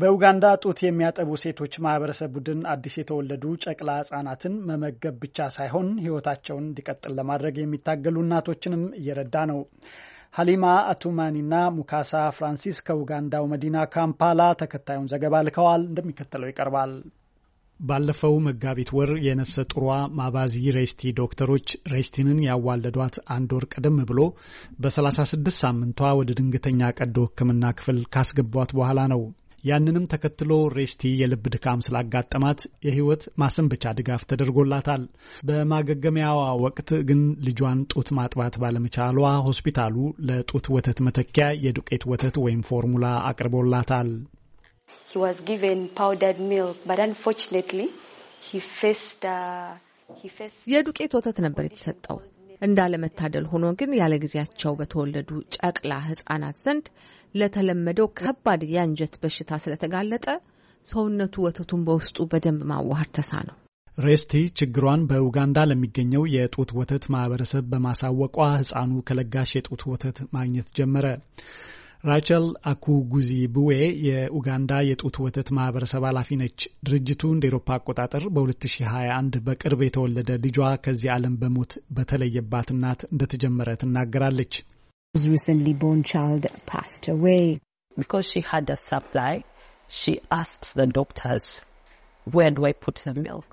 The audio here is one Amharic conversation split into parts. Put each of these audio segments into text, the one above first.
በኡጋንዳ ጡት የሚያጠቡ ሴቶች ማህበረሰብ ቡድን አዲስ የተወለዱ ጨቅላ ህጻናትን መመገብ ብቻ ሳይሆን ህይወታቸውን እንዲቀጥል ለማድረግ የሚታገሉ እናቶችንም እየረዳ ነው። ሀሊማ አቱማኒና ሙካሳ ፍራንሲስ ከኡጋንዳው መዲና ካምፓላ ተከታዩን ዘገባ ልከዋል፣ እንደሚከተለው ይቀርባል። ባለፈው መጋቢት ወር የነፍሰ ጡሯ ማባዚ ሬስቲ ዶክተሮች ሬስቲንን ያዋለዷት አንድ ወር ቀደም ብሎ በ36 ሳምንቷ ወደ ድንገተኛ ቀዶ ሕክምና ክፍል ካስገቧት በኋላ ነው። ያንንም ተከትሎ ሬስቲ የልብ ድካም ስላጋጠማት የህይወት ማሰንበቻ ድጋፍ ተደርጎላታል። በማገገሚያዋ ወቅት ግን ልጇን ጡት ማጥባት ባለመቻሏ ሆስፒታሉ ለጡት ወተት መተኪያ የዱቄት ወተት ወይም ፎርሙላ አቅርቦላታል። uh, የዱቄት ወተት ነበር የተሰጠው። እንዳለመታደል ሆኖ ግን ያለ ጊዜያቸው በተወለዱ ጨቅላ ህጻናት ዘንድ ለተለመደው ከባድ የአንጀት በሽታ ስለተጋለጠ ሰውነቱ ወተቱን በውስጡ በደንብ ማዋሃድ ተሳ ነው። ሬስቲ ችግሯን በኡጋንዳ ለሚገኘው የጡት ወተት ማህበረሰብ በማሳወቋ ህፃኑ ከለጋሽ የጡት ወተት ማግኘት ጀመረ። ራቸል አኩጉዚ ቡዌ የኡጋንዳ የጡት ወተት ማህበረሰብ ኃላፊ ነች። ድርጅቱ እንደ ኤሮፓ አቆጣጠር በ2021 በቅርብ የተወለደ ልጇ ከዚህ ዓለም በሞት በተለየባት እናት እንደተጀመረ ትናገራለች።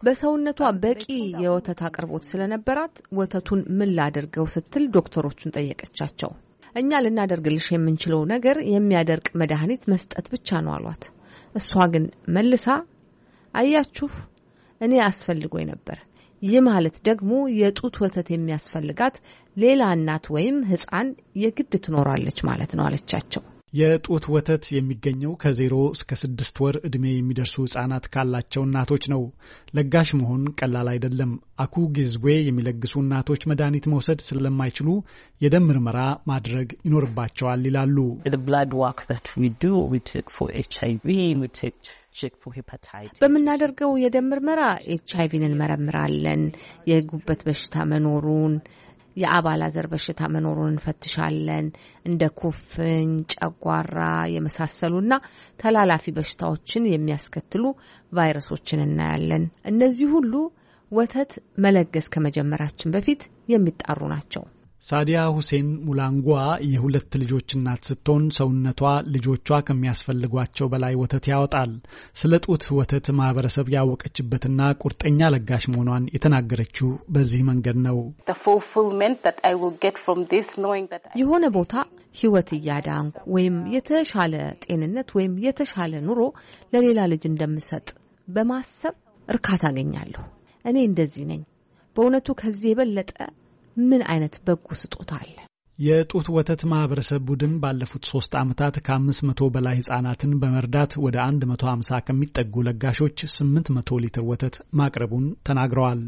በሰውነቷ በቂ የወተት አቅርቦት ስለነበራት ወተቱን ምን ላድርገው ስትል ዶክተሮቹን ጠየቀቻቸው። እኛ ልናደርግልሽ የምንችለው ነገር የሚያደርቅ መድኃኒት መስጠት ብቻ ነው አሏት። እሷ ግን መልሳ አያችሁ እኔ አስፈልጎኝ ነበር። ይህ ማለት ደግሞ የጡት ወተት የሚያስፈልጋት ሌላ እናት ወይም ሕፃን የግድ ትኖራለች ማለት ነው አለቻቸው። የጡት ወተት የሚገኘው ከዜሮ እስከ ስድስት ወር ዕድሜ የሚደርሱ ህጻናት ካላቸው እናቶች ነው። ለጋሽ መሆን ቀላል አይደለም። አኩ ጊዝዌ የሚለግሱ እናቶች መድኃኒት መውሰድ ስለማይችሉ የደም ምርመራ ማድረግ ይኖርባቸዋል ይላሉ። በምናደርገው የደም ምርመራ ኤች አይቪን እንመረምራለን፣ የጉበት በሽታ መኖሩን የአባላ ዘር በሽታ መኖሩን እንፈትሻለን። እንደ ኩፍኝ፣ ጨጓራ የመሳሰሉና ተላላፊ በሽታዎችን የሚያስከትሉ ቫይረሶችን እናያለን። እነዚህ ሁሉ ወተት መለገስ ከመጀመራችን በፊት የሚጣሩ ናቸው። ሳዲያ ሁሴን ሙላንጓ የሁለት ልጆች እናት ስትሆን ሰውነቷ ልጆቿ ከሚያስፈልጓቸው በላይ ወተት ያወጣል። ስለ ጡት ወተት ማህበረሰብ ያወቀችበትና ቁርጠኛ ለጋሽ መሆኗን የተናገረችው በዚህ መንገድ ነው። የሆነ ቦታ ህይወት እያዳንኩ ወይም የተሻለ ጤንነት ወይም የተሻለ ኑሮ ለሌላ ልጅ እንደምሰጥ በማሰብ እርካታ አገኛለሁ። እኔ እንደዚህ ነኝ። በእውነቱ ከዚህ የበለጠ ምን አይነት በጎ ስጦታ አለ? የጡት ወተት ማህበረሰብ ቡድን ባለፉት ሶስት ዓመታት ከ500 በላይ ህጻናትን በመርዳት ወደ 150 ከሚጠጉ ለጋሾች 800 ሊትር ወተት ማቅረቡን ተናግረዋል።